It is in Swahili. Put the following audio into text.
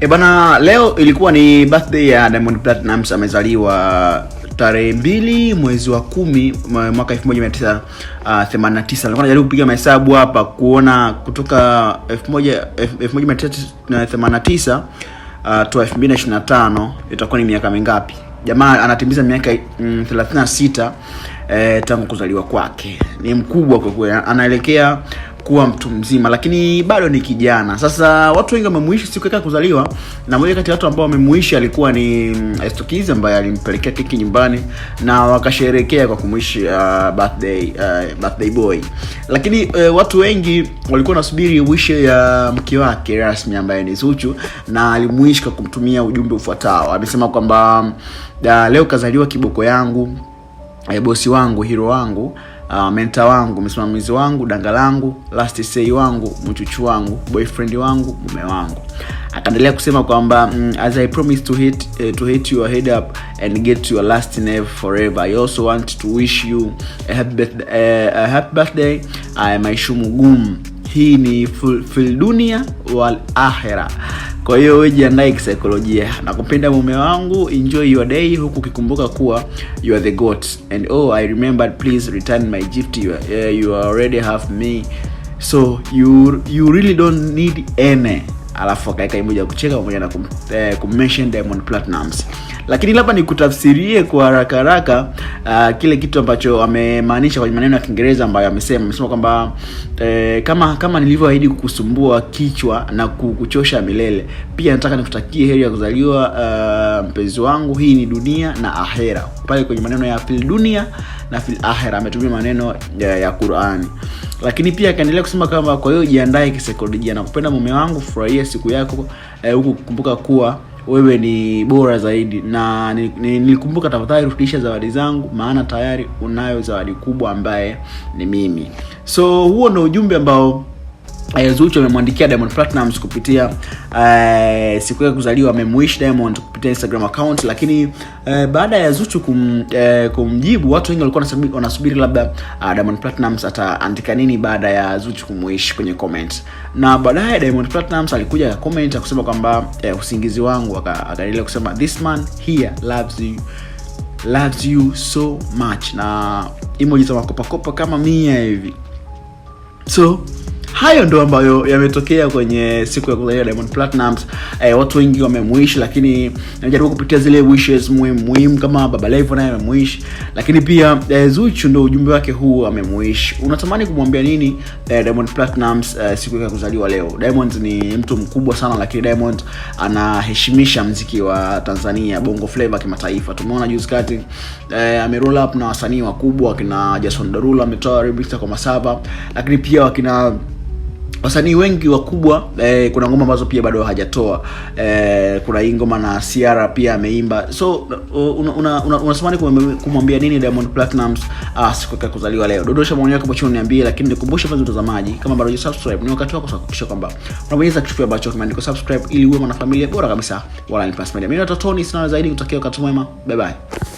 E bana, leo ilikuwa ni birthday ya Diamond Platnumz. Amezaliwa tarehe mbili mwezi wa kumi mwaka 1989. Ah, Nilikuwa najaribu kupiga mahesabu hapa kuona kutoka 1989 ah, to 2025 itakuwa ni miaka mingapi. Jamaa anatimiza miaka mm, 36 eh, tangu kuzaliwa kwake. Ni mkubwa kwa kweli, anaelekea kuwa mtu mzima, lakini bado ni kijana. Sasa watu wengi wamemuishi siku yake kuzaliwa, na moja kati ya watu ambao wamemuishi alikuwa ni mm, Estokiz ambaye alimpelekea keki nyumbani na wakasherekea kwa kumuishi uh, birthday uh, birthday boy. Lakini uh, watu wengi walikuwa wanasubiri wishe ya mke wake rasmi ambaye ni Zuchu, na alimuishi kwa kumtumia ujumbe ufuatao. Amesema kwamba uh, leo kazaliwa kiboko yangu e, bosi wangu, hero wangu, uh, menta wangu, msimamizi wangu, danga langu, last say wangu, mchuchu wangu, boyfriend wangu, mume wangu. Akaendelea kusema kwamba mm, as I promise to hit, uh, to hit your head up and get your last nerve forever. I also want to wish you a happy birthday, uh, eh, a happy birthday uh, Maishu Mugumu. Hii ni Fildunia wal Akhira. Kwa hiyo wewe jiandae kisaikolojia. Nakupenda mume wangu, enjoy your day, huku ukikumbuka kuwa you are the goat and oh I remembered, please return my gift you, are, uh, you already have me so you you really don't need any. Alafu akaweka imoja kucheka pamoja na kum, uh, kummention Diamond platinums lakini labda nikutafsirie kwa haraka haraka uh, kile kitu ambacho amemaanisha kwenye maneno ya Kiingereza ambayo amesema. Amesema kwamba eh, kama kama nilivyoahidi kukusumbua kichwa na kukuchosha milele, pia nataka nikutakie heri ya kuzaliwa uh, mpenzi wangu. Hii ni dunia na ahera. Pale kwenye maneno ya fil dunia na fil ahera ametumia maneno ya, ya Qur'ani. Lakini pia akaendelea kusema kwamba kwa hiyo jiandae kisaikolojia. Nakupenda mume wangu, furahia siku yako eh, huku eh, kukumbuka kuwa wewe ni bora zaidi, na nilikumbuka, tafadhali rudisha zawadi zangu, maana tayari unayo zawadi kubwa ambaye ni mimi. So huo na ujumbe ambao eh, Zuchu amemwandikia Diamond platinums kupitia eh, siku ya kuzaliwa, amemwish Diamond kupitia Instagram account, lakini eh, baada ya Zuchu kum, eh, kumjibu, watu wengi walikuwa wanasubiri labda uh, Diamond Platnumz ataandika nini baada ya Zuchu kumwish kwenye comment, na baadaye Diamond platinums alikuja ya comment akasema kwamba eh, usingizi wangu, akaendelea kusema this man here loves you loves you so much, na emoji za makopakopa kama mia hivi so Hayo ndo ambayo yametokea kwenye siku ya kuzaliwa Diamond platinums Eh, watu wengi wamemwishi lakini najaribu kupitia zile wishes muhimu muhimu, kama Baba live naye amemwishi lakini pia eh, Zuchu ndo ujumbe wake huu amemwishi Unatamani kumwambia nini eh, Diamond platinums eh, siku ya kuzaliwa leo? Diamond ni mtu mkubwa sana, lakini Diamond anaheshimisha mziki wa Tanzania Bongo flavor kimataifa. Tumeona juzi kati eh, ameroll up na wasanii wakubwa wakina Jason Darula ametoa remix kwa Masaba, lakini pia wakina wasanii wengi wakubwa eh, kuna ngoma ambazo pia bado hajatoa eh, kuna hii ngoma na siara pia ameimba. So unasemani una, una kumwambia nini Diamond platinums ah, siku ya kuzaliwa leo? dodosha maoni yako hapo niambie, lakini nikukumbusha mpenzi mtazamaji, kama bado hujasubscribe, ni wakati wako kuhakikisha kwamba unabonyeza kitufe ambacho kimeandikwa subscribe ili uwe mwanafamilia bora kabisa wala ni Plus Media. Mimi ni Tony, sina zaidi, kutakia wakati mwema, bye bye.